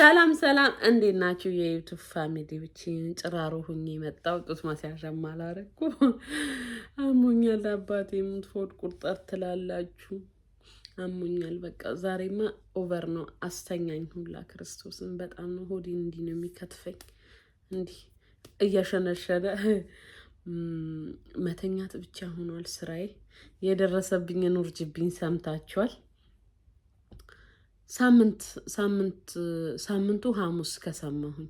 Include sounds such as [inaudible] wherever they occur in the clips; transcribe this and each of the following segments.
ሰላም ሰላም፣ እንዴት ናችሁ? የዩቱብ ፋሚሊዎችን ጭራሮ ሁኜ የመጣው ጡት ማስያዣ አላረግኩ አሞኛል። አባቴ ሙት ቁርጠር ትላላችሁ። አሞኛል። በቃ ዛሬማ ኦቨር ነው። አስተኛኝ ሁላ ክርስቶስን በጣም ነው ሆዴ እንዲህ ነው የሚከትፈኝ። እንዲህ እያሸነሸነ መተኛት ብቻ ሆኗል ስራዬ። የደረሰብኝን ውርጅብኝ ሰምታችኋል። ሳምንት ሳምንት ሳምንቱ ሐሙስ ከሰማሁኝ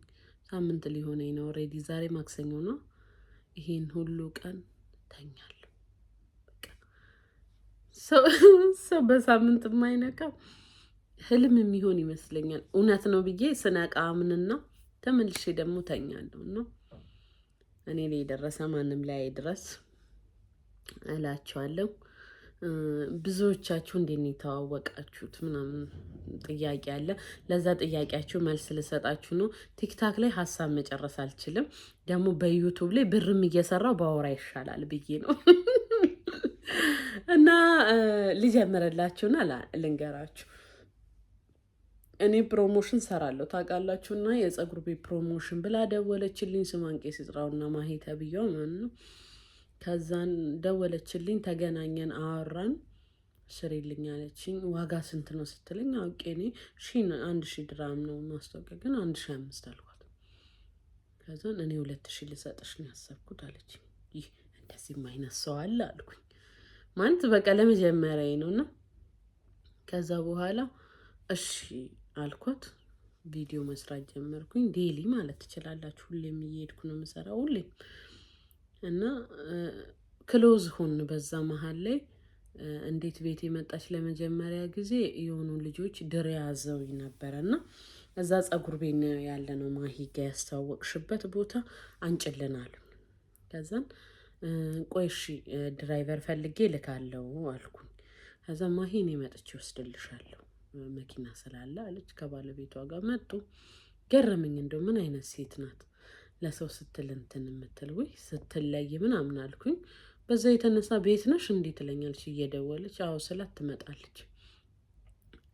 ሳምንት ሊሆነኝ ነው። ኦልሬዲ ዛሬ ማክሰኞ ነው። ይሄን ሁሉ ቀን ተኛለሁ። [laughs] ሰው በሳምንት የማይነቃው ህልም የሚሆን ይመስለኛል። እውነት ነው ብዬ ስነቃ ምንና ተመልሼ ደግሞ ተኛለሁ እና እኔ ላይ የደረሰ ማንም ላይ አይድረስ እላቸዋለሁ። ብዙዎቻችሁ እንዴት ነው የተዋወቃችሁት ምናምን ጥያቄ አለ። ለዛ ጥያቄያችሁ መልስ ልሰጣችሁ ነው። ቲክታክ ላይ ሀሳብ መጨረስ አልችልም። ደግሞ በዩቱብ ላይ ብርም እየሰራው በአውራ ይሻላል ብዬ ነው እና ልጀምርላችሁና ልንገራችሁ እኔ ፕሮሞሽን ሰራለሁ ታውቃላችሁ። እና የጸጉር ቤት ፕሮሞሽን ብላ ደወለችልኝ። ስማንቄ ስጥራውና ማሄ ተብያው ማን ነው ከዛን ደወለችልኝ፣ ተገናኘን፣ አወራን። ስሪልኝ አለችኝ። ዋጋ ስንት ነው ስትልኝ አውቄ እኔ አንድ ሺ ድራም ነው ማስታወቂያ ግን አንድ ሺ አምስት አልኳት። ከዛን እኔ ሁለት ሺ ልሰጥሽ ነው ያሰብኩት አለችኝ። ይህ እንደዚህ አይነት ሰው አለ አልኩኝ። ማለት በቃ ለመጀመሪያ ነው እና ከዛ በኋላ እሺ አልኳት። ቪዲዮ መስራት ጀመርኩኝ። ዴሊ ማለት ትችላላችሁ። ሁሌም እየሄድኩ ነው የምሰራው ሁሌም እና ክሎዝ ሁን በዛ መሀል ላይ እንዴት ቤት የመጣች ለመጀመሪያ ጊዜ የሆኑ ልጆች ድር ያዘው ነበረ እና እዛ ጸጉር ቤት ያለ ነው ማሂጋ ያስተዋወቅሽበት ቦታ አንጭልናል ከዛን ቆይ ድራይቨር ፈልጌ ልካለው አልኩኝ። ከዛ ማሂ እኔ መጥቼ ወስድልሻለሁ መኪና ስላለ አለች። ከባለቤቷ ጋር መጡ። ገረመኝ። እንደው ምን አይነት ሴት ናት ለሰው ስትል እንትን የምትል ውይ ስትለይ ምናምን አልኩኝ። በዛ የተነሳ ቤት ነሽ እንዴ ትለኛለች እየደወለች። አዎ ስላት ትመጣለች፣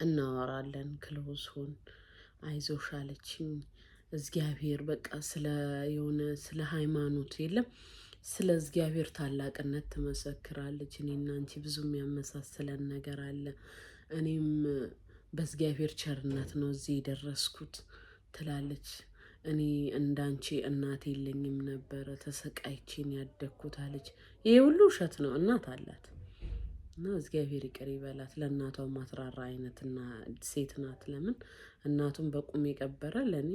እናወራለን። ክሎዝ ሁን፣ አይዞሽ አለችኝ። እግዚአብሔር በቃ ስለ የሆነ ስለ ሃይማኖት የለም ስለ እግዚአብሔር ታላቅነት ትመሰክራለች። እኔና አንቺ ብዙ የሚያመሳስለን ነገር አለ። እኔም በእግዚአብሔር ቸርነት ነው እዚህ የደረስኩት ትላለች። እኔ እንዳንቺ እናት የለኝም ነበረ ተሰቃይቼን ያደግኩት አለች። ይሄ ሁሉ ውሸት ነው። እናት አላት እና እግዚአብሔር ይቅር ይበላት። ለእናቷ ማትራራ አይነትና ሴት ናት። ለምን እናቱን በቁም የቀበረ ለእኔ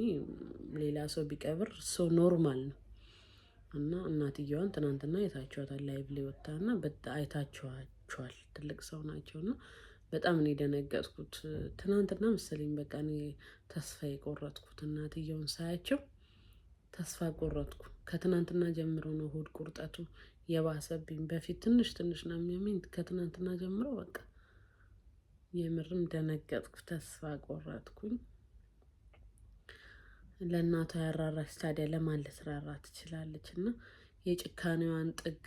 ሌላ ሰው ቢቀብር ሰው ኖርማል ነው። እና እናትየዋን ትናንትና አይታችኋታል። ላይቭ ላይ ወጥታና አይታችኋቸዋል። ትልቅ ሰው ናቸው እና በጣም ነው የደነገጥኩት። ትናንትና መሰለኝ በቃ እኔ ተስፋ የቆረጥኩት እናትየውን ሳያቸው ተስፋ ቆረጥኩ። ከትናንትና ጀምሮ ነው ሆድ ቁርጠቱ የባሰብኝ። በፊት ትንሽ ትንሽ ነው የሚያመኝ፣ ከትናንትና ጀምሮ በቃ የምርም ደነገጥኩ፣ ተስፋ ቆረጥኩኝ። ለእናቷ ያራራች ታዲያ ለማን ልትራራ ትችላለች? እና የጭካኔዋን ጥግ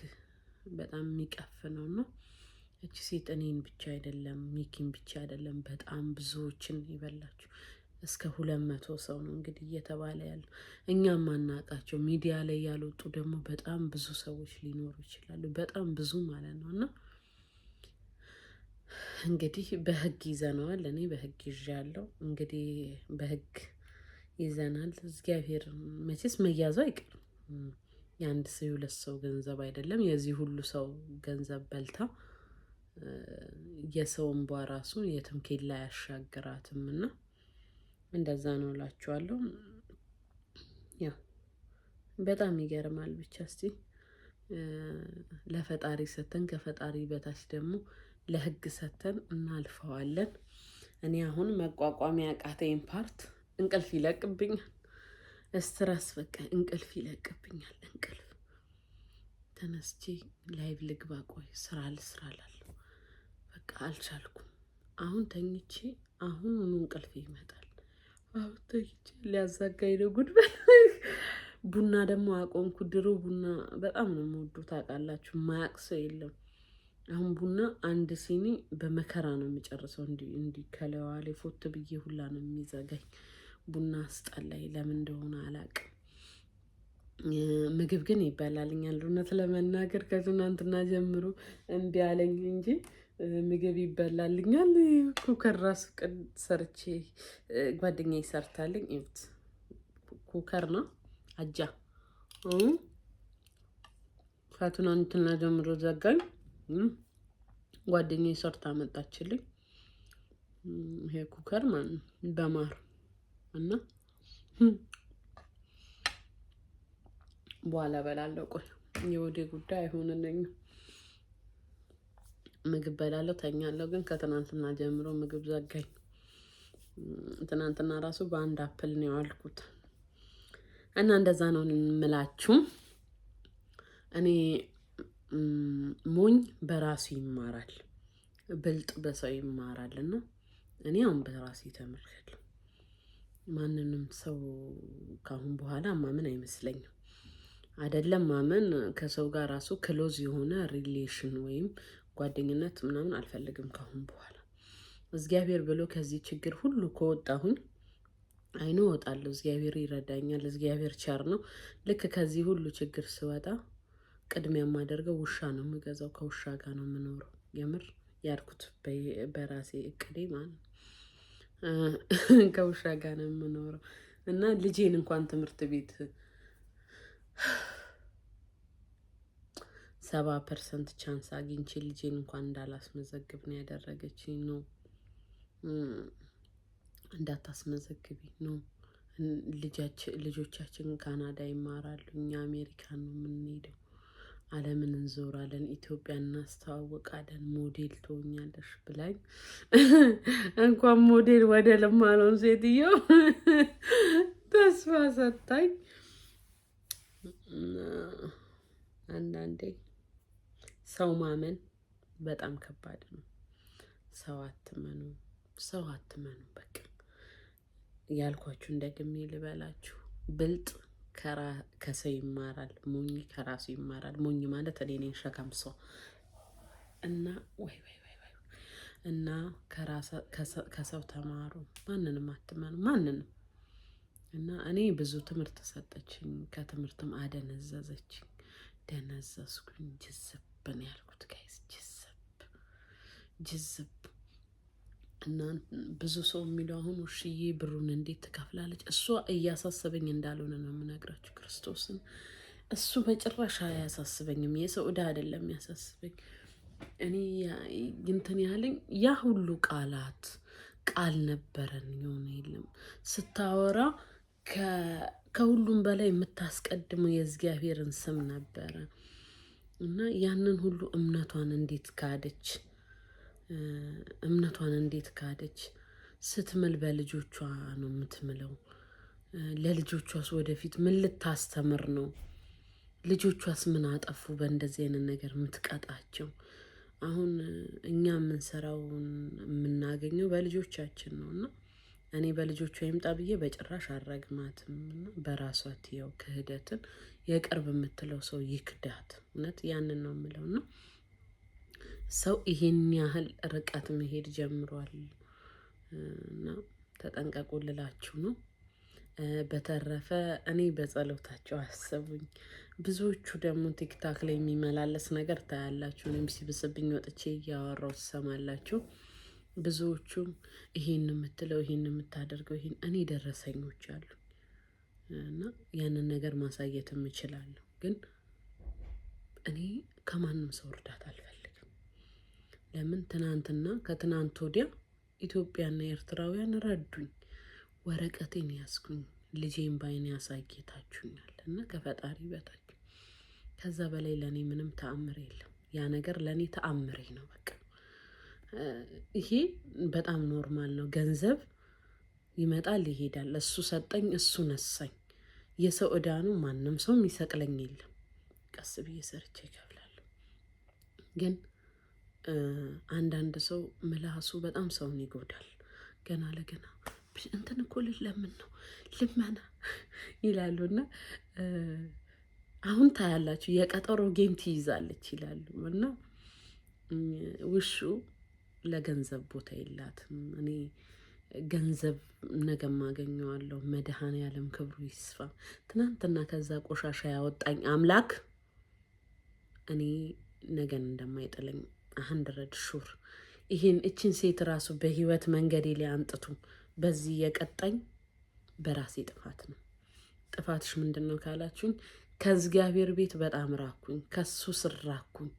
በጣም የሚቀፍ ነው ነው እቺ ሴት እኔን ብቻ አይደለም ሚኪን ብቻ አይደለም፣ በጣም ብዙዎችን ይበላችሁ። እስከ ሁለት መቶ ሰው ነው እንግዲህ እየተባለ ያለ እኛም ማናውቃቸው ሚዲያ ላይ ያልወጡ ደግሞ በጣም ብዙ ሰዎች ሊኖሩ ይችላሉ። በጣም ብዙ ማለት ነው እና እንግዲህ በህግ ይዘነዋል። እኔ በህግ ይዣለሁ። እንግዲህ በህግ ይዘናል። እግዚአብሔር መቼስ መያዙ አይቀርም። የአንድ ሰው የሁለት ሰው ገንዘብ አይደለም፣ የዚህ ሁሉ ሰው ገንዘብ በልታ የሰው እንቧ ራሱ የትም ኬላ አያሻግራትም እና እንደዛ ነው እላችኋለሁ። ያው በጣም ይገርማል። ብቻ እስቲ ለፈጣሪ ሰተን ከፈጣሪ በታች ደግሞ ለህግ ሰተን እናልፈዋለን። እኔ አሁን መቋቋሚያ ያቃተኝ ፓርት እንቅልፍ ይለቅብኛል። እስትረስ በቃ እንቅልፍ ይለቅብኛል። እንቅልፍ ተነስቼ ላይቭ ልግባ፣ ቆይ ስራ ልስራ በቃ አልቻልኩም። አሁን ተኝቼ አሁን ሆኖ እንቅልፍ ይመጣል። አሁን ተኝቼ ሊያዛጋኝ ነው ጉድ ቡና ደግሞ አቆምኩ። ድሮ ቡና በጣም ነው የምወዱት ታውቃላችሁ። ማያቅ ሰው የለም። አሁን ቡና አንድ ሲኒ በመከራ ነው የሚጨርሰው። እንዲ እንዲ ከለዋ ላይ ፎቶ ብዬ ሁላ ነው የሚዘጋኝ። ቡና አስጠላኝ፣ ለምን እንደሆነ አላቅም። ምግብ ግን ይበላልኛል። እውነት ለመናገር ከትናንትና ጀምሮ እምቢ አለኝ እንጂ ምግብ ይበላልኛል። ኩከር ራሱ ቅድ ሰርቼ ጓደኛ ይሰርታልኝ። ይሁት ኩከር ነው አጃ እሳቱን አንትና ጀምሮ ዘጋኝ። ጓደኛ ሰርታ አመጣችልኝ። ይሄ ኩከር ማለት በማር እና በኋላ በላለው። ቆይ የወደ ጉዳይ አይሆንልኝም። ምግብ በላለው ተኛለው። ግን ከትናንትና ጀምሮ ምግብ ዘጋኝ። ትናንትና ራሱ በአንድ አፕል ነው ያዋልኩት እና እንደዛ ነው የምላችሁ። እኔ ሞኝ በራሱ ይማራል፣ ብልጥ በሰው ይማራል። እና እኔ አሁን በራሱ ተምሬያለሁ። ማንንም ሰው ካሁን በኋላ ማመን አይመስለኝም። አይደለም ማመን ከሰው ጋር ራሱ ክሎዝ የሆነ ሪሌሽን ወይም ጓደኝነት ምናምን አልፈልግም ካሁን በኋላ እግዚአብሔር ብሎ ከዚህ ችግር ሁሉ ከወጣሁኝ አይኖ እወጣለሁ። እግዚአብሔር ይረዳኛል። እግዚአብሔር ቸር ነው። ልክ ከዚህ ሁሉ ችግር ስወጣ ቅድሚያ የማደርገው ውሻ ነው የምገዛው። ከውሻ ጋር ነው የምኖረው። የምር ያልኩት በራሴ እቅዴ ማለት ነው። ከውሻ ጋር ነው የምኖረው እና ልጄን እንኳን ትምህርት ቤት ሰባ ፐርሰንት ቻንስ አግኝቼ ልጄን እንኳን እንዳላስመዘግብ ነው ያደረገች። ነው እንዳታስመዘግቢ ነው ልጆቻችን ካናዳ ይማራሉ፣ እኛ አሜሪካን ነው የምንሄደው። ዓለምን እንዞራለን፣ ኢትዮጵያ እናስተዋወቃለን፣ ሞዴል ትሆኛለሽ ብላኝ [laughs] እንኳን ሞዴል ወደ ልማለውን ሴትዮ [laughs] ተስፋ ሰጣኝ። አንዳንዴ ሰው ማመን በጣም ከባድ ነው። ሰው አትመኑ፣ ሰው አትመኑ። በቃ ያልኳችሁ እንደግሜ ልበላችሁ፣ ብልጥ ከሰው ይማራል፣ ሞኝ ከራሱ ይማራል። ሞኝ ማለት እኔ ነኝ ሸካም ሰው እና ወይ ወይ ወይ ወይ እና ከሰው ተማሩ፣ ማንንም አትመኑ፣ ማንንም እና እኔ ብዙ ትምህርት ሰጠችኝ፣ ከትምህርትም አደነዘዘችኝ፣ ደነዘዝኩኝ ጅዝብ ነው ያልኩት። ጋይስ ጅዝብ ጅዝብ እና ብዙ ሰው የሚለው አሁን ውሽዬ ብሩን እንዴት ትከፍላለች? እሷ እያሳሰበኝ እንዳልሆነ ነው የምነግራችሁ ክርስቶስን። እሱ በጭራሽ አያሳስበኝም። የሰው ዕዳ አይደለም ያሳስበኝ። እኔ እንትን ያህልኝ ያ ሁሉ ቃላት ቃል ነበረን የሆነ የለም ስታወራ ከሁሉም በላይ የምታስቀድመው የእግዚአብሔርን ስም ነበረ። እና ያንን ሁሉ እምነቷን እንዴት ካደች? እምነቷን እንዴት ካደች? ስትምል በልጆቿ ነው የምትምለው። ለልጆቿስ ወደፊት ምን ልታስተምር ነው? ልጆቿስ ምን አጠፉ? በእንደዚህ አይነት ነገር የምትቀጣቸው አሁን እኛ የምንሰራውን የምናገኘው በልጆቻችን ነው እና እኔ በልጆች ይምጣ ብዬ በጭራሽ አረግማትም እና በራሷ ትየው ክህደትን የቅርብ የምትለው ሰው ይክዳት። እውነት ያንን ነው የምለው ነው። ሰው ይሄን ያህል ርቀት መሄድ ጀምሯል እና ተጠንቀቁ ልላችሁ ነው። በተረፈ እኔ በጸሎታቸው አሰቡኝ። ብዙዎቹ ደግሞ ቲክታክ ላይ የሚመላለስ ነገር ታያላችሁ። እኔም ሲብስብኝ ወጥቼ እያወራው ትሰማላችሁ። ብዙዎቹም ይሄን የምትለው ይሄን የምታደርገው ይሄን እኔ ደረሰኞች አሉ እና ያንን ነገር ማሳየትም እችላለሁ። ግን እኔ ከማንም ሰው እርዳታ አልፈልግም። ለምን ትናንትና ከትናንት ወዲያ ኢትዮጵያና ኤርትራውያን ረዱኝ፣ ወረቀቴን ያስኩኝ፣ ልጄን ባይን ያሳጌታችሁኛል እና ከፈጣሪ በታች ከዛ በላይ ለእኔ ምንም ተአምር የለም። ያ ነገር ለእኔ ተአምሬ ነው በቃ ይሄ በጣም ኖርማል ነው። ገንዘብ ይመጣል ይሄዳል። እሱ ሰጠኝ፣ እሱ ነሳኝ። የሰው እዳ ነው። ማንም ሰው የሚሰቅለኝ የለም። ቀስ ብዬ ሰርቼ ይከፍላለሁ። ግን አንዳንድ ሰው ምላሱ በጣም ሰውን ይጎዳል። ገና ለገና እንትን እኮ ልለምን ነው ልመና ይላሉ እና አሁን ታያላችሁ የቀጠሮ ጌም ትይዛለች ይላሉ እና ውሹ ለገንዘብ ቦታ የላትም። እኔ ገንዘብ ነገ ማገኘዋለሁ። መድሃን ያለም ክብሩ ይስፋ። ትናንትና ከዛ ቆሻሻ ያወጣኝ አምላክ እኔ ነገን እንደማይጥለኝ ሀንድረድ ሹር። ይህን እችን ሴት ራሱ በህይወት መንገዴ ላይ አንጥቱ በዚህ የቀጣኝ በራሴ ጥፋት ነው። ጥፋትሽ ምንድን ነው ካላችሁኝ፣ ከእግዚአብሔር ቤት በጣም ራኩኝ፣ ከሱ ስር ራኩኝ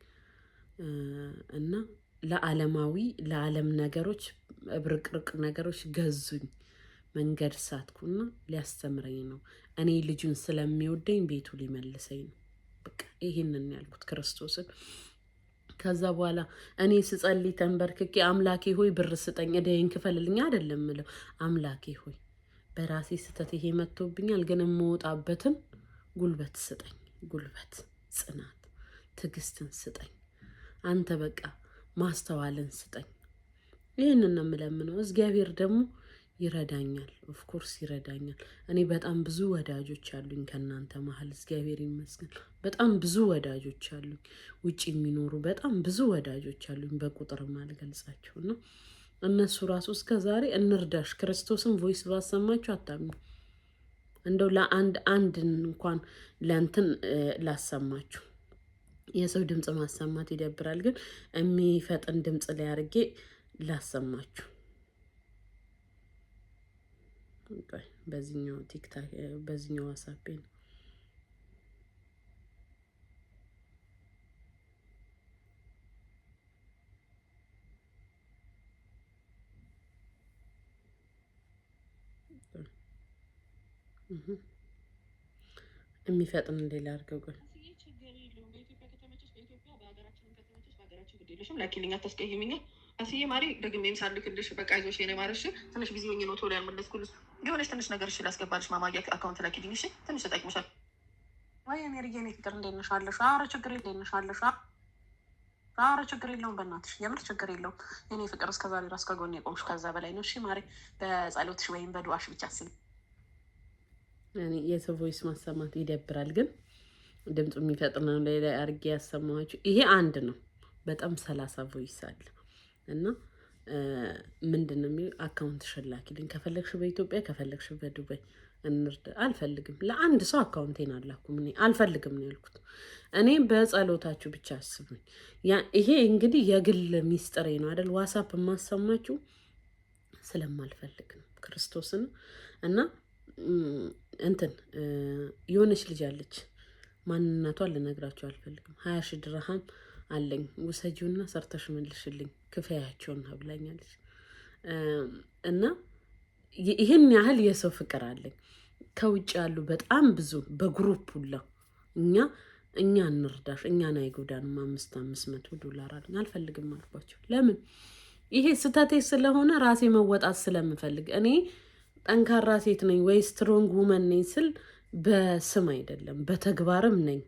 እና ለዓለማዊ ለዓለም ነገሮች እብርቅርቅ ነገሮች ገዙኝ፣ መንገድ ሳትኩና ሊያስተምረኝ ነው። እኔ ልጁን ስለሚወደኝ ቤቱ ሊመልሰኝ ነው። በቃ ይህንን ያልኩት ክርስቶስን። ከዛ በኋላ እኔ ስጸልይ ተንበርክኬ አምላኬ ሆይ ብር ስጠኝ፣ ዕዳዬን ክፈልልኝ አይደለም ምለው። አምላኬ ሆይ በራሴ ስህተት ይሄ መጥቶብኛል፣ ግን የምወጣበትን ጉልበት ስጠኝ። ጉልበት፣ ጽናት፣ ትዕግስትን ስጠኝ አንተ በቃ ማስተዋልን ስጠኝ። ይህንን ነው የምለምነው። እግዚአብሔር ደግሞ ይረዳኛል፣ ኦፍኮርስ ይረዳኛል። እኔ በጣም ብዙ ወዳጆች አሉኝ ከእናንተ መሀል እግዚአብሔር ይመስገን። በጣም ብዙ ወዳጆች አሉኝ፣ ውጭ የሚኖሩ በጣም ብዙ ወዳጆች አሉኝ፣ በቁጥር ማልገልጻቸው ነው። እነሱ ራሱ እስከ ዛሬ እንርዳሽ ክርስቶስን ቮይስ ባሰማችሁ አታሚ እንደው ለአንድ አንድን እንኳን ለንትን ላሰማችሁ የሰው ድምፅ ማሰማት ይደብራል፣ ግን የሚፈጥን ድምፅ ላይ አድርጌ ላሰማችሁ። በዚኛው ቲክታክ በዚኛው ዋሳፔ ነው። የሚፈጥን ሌላ አድርገው ግን አልዘገይልሽም፣ ላኪልኝ፣ አታስቀይሚኝ። አስዬ ማሪ ደግሜም ሳልክልሽ በቃ ይዞሽ የኔ ማርሽ ትንሽ ጊዜ ሆኜ ነው ቶሎ ያልመለስኩልሽ። የሆነች ትንሽ ነገር እሺ ላስገባልሽ፣ ማማያ አካውንት ላኪልኝ። እሺ ትንሽ ተጠቅመሻል ወይ ሜሪ? የኔ ፍቅር እንዴት ነሽ አለሽ? ኧረ ችግር የለም ነሽ አለሽ? ኧረ ችግር የለውም በእናትሽ፣ የምር ችግር የለውም የኔ ፍቅር። እስከዛሬ ራስ ከጎን የቆምሽ ከዛ በላይ ነው። እሺ ማሪ፣ በጸሎትሽ ወይም በድዋሽ ብቻ አስቢ። የሰው ቮይስ ማሰማት ይደብራል፣ ግን ድምፁ የሚፈጥነው ላይ ላይ አድርጌ ያሰማኋችሁ ይሄ አንድ ነው። በጣም ሰላሳ ቮይስ አለ እና ምንድን ነው የሚለው አካውንት ሸላኪልኝ ከፈለግሽ በኢትዮጵያ ከፈለግሽ በዱባይ እንርዳ። አልፈልግም፣ ለአንድ ሰው አካውንቴን አላኩም። እኔ አልፈልግም ነው ያልኩት። እኔ በጸሎታችሁ ብቻ አስቡኝ። ይሄ እንግዲህ የግል ሚስጥሬ ነው አይደል? ዋሳፕ የማሰማችሁ ስለማልፈልግ ነው። ክርስቶስን እና እንትን የሆነች ልጅ አለች፣ ማንነቷን ልነግራችሁ አልፈልግም። ሀያ ሺ ድርሃም አለኝ ውሰጂውና ሰርተሽ መልሽልኝ ክፈያቸውና ብላኛለች። እና ይህን ያህል የሰው ፍቅር አለኝ። ከውጭ ያሉ በጣም ብዙ በግሩፕ ሁላ እኛ እኛ እንርዳሽ እኛን አይጎዳንም አምስት አምስት መቶ ዶላር አለኝ አልፈልግም አልኳቸው። ለምን ይሄ ስህተቴ ስለሆነ ራሴ መወጣት ስለምፈልግ እኔ ጠንካራ ሴት ነኝ ወይ ስትሮንግ ውመን ነኝ ስል በስም አይደለም በተግባርም ነኝ።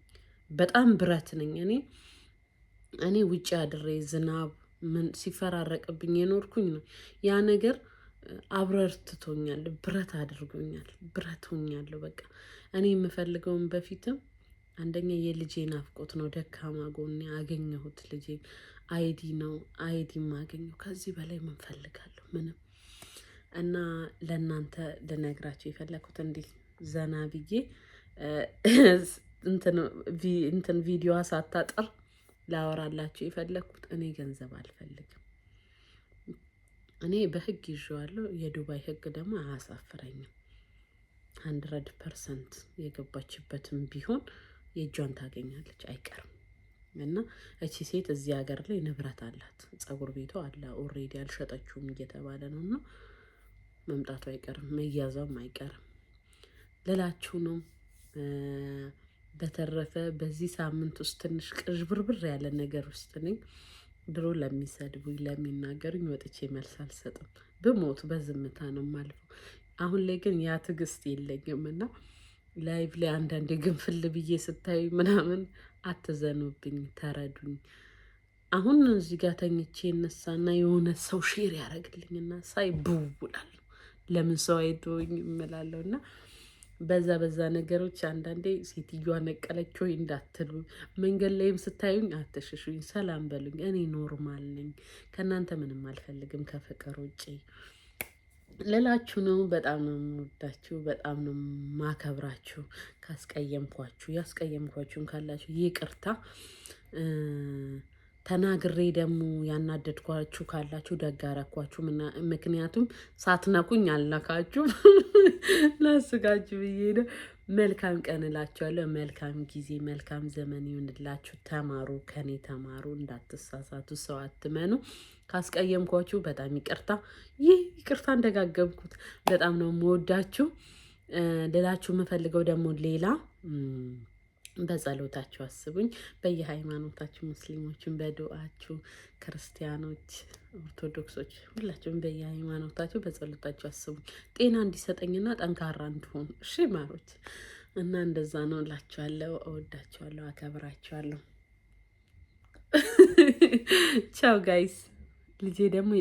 በጣም ብረት ነኝ እኔ እኔ ውጭ አድሬ ዝናብ ምን ሲፈራረቅብኝ የኖርኩኝ ነው። ያ ነገር አብረርትቶኛል፣ ብረት አድርጎኛል፣ ብረት ሆኛለሁ። በቃ እኔ የምፈልገውን በፊትም አንደኛ የልጄ ናፍቆት ነው። ደካማ ጎን አገኘሁት። ልጄ አይዲ ነው፣ አይዲ ማገኘው። ከዚህ በላይ ምን ፈልጋለሁ? ምንም እና ለእናንተ ልነግራቸው የፈለግኩት እንዲህ ዘና ብዬ እንትን ቪዲዮ ሳታጠር ላወራላችሁ የፈለግኩት እኔ ገንዘብ አልፈልግም። እኔ በህግ ይዤዋለሁ። የዱባይ ህግ ደግሞ አያሳፍረኝም። ሀንድረድ ፐርሰንት የገባችበትም ቢሆን የእጇን ታገኛለች አይቀርም። እና እቺ ሴት እዚህ ሀገር ላይ ንብረት አላት፣ ጸጉር ቤቷ አለ፣ ኦሬዲ አልሸጠችውም እየተባለ ነው። እና መምጣቱ አይቀርም፣ መያዟም አይቀርም ልላችሁ ነው። በተረፈ በዚህ ሳምንት ውስጥ ትንሽ ብርብር ያለ ነገር ውስጥ ነኝ። ድሮ ለሚሰድቡኝ ለሚናገሩኝ ወጥቼ መልስ አልሰጥም፣ ብሞት በዝምታ ነው ማልፈው። አሁን ላይ ግን ያ ትዕግስት የለኝም እና ላይቭ ላይ አንዳንዴ ግንፍል ብዬ ስታዩ ምናምን አትዘኑብኝ፣ ተረዱኝ። አሁን እዚህ ጋር ተኝቼ እነሳና የሆነ ሰው ሼር ያደርግልኝና ሳይ ብውላለሁ። ለምን ሰው አይተወኝ እምላለሁ እና በዛ በዛ ነገሮች አንዳንዴ ሴትዮዋ ነቀለች ወይ እንዳትሉ፣ መንገድ ላይም ስታዩኝ አተሽሹኝ ሰላም በሉኝ። እኔ ኖርማል ነኝ፣ ከእናንተ ምንም አልፈልግም ከፍቅር ውጪ ልላችሁ ነው። በጣም ነው የምወዳችሁ፣ በጣም ነው ማከብራችሁ። ካስቀየምኳችሁ ያስቀየምኳችሁም ካላችሁ ይቅርታ። ተናግሬ ደግሞ ያናደድኳችሁ ካላችሁ ደጋረኳችሁ። ምክንያቱም ሳትነኩኝ አልነካችሁም። [laughs] ላስጋችሁ ብዬ ነው። መልካም ቀን እላችኋለሁ። መልካም ጊዜ፣ መልካም ዘመን ይሁንላችሁ። ተማሩ፣ ከኔ ተማሩ፣ እንዳትሳሳቱ፣ ሰው አትመኑ። ካስቀየምኳችሁ በጣም ይቅርታ። ይህ ይቅርታ እንደጋገብኩት በጣም ነው የምወዳችሁ ልላችሁ የምፈልገው ደግሞ ሌላ በጸሎታችሁ አስቡኝ። በየሃይማኖታችሁ ሙስሊሞችን፣ በዱአችሁ ክርስቲያኖች፣ ኦርቶዶክሶች ሁላችሁም በየሃይማኖታችሁ በጸሎታችሁ አስቡኝ። ጤና እንዲሰጠኝና ጠንካራ እንድሆን እሺ ማሮች እና እንደዛ ነው እላችኋለሁ። እወዳችኋለሁ፣ አከብራችኋለሁ። [laughs] ቻው ጋይስ። ልጄ ደግሞ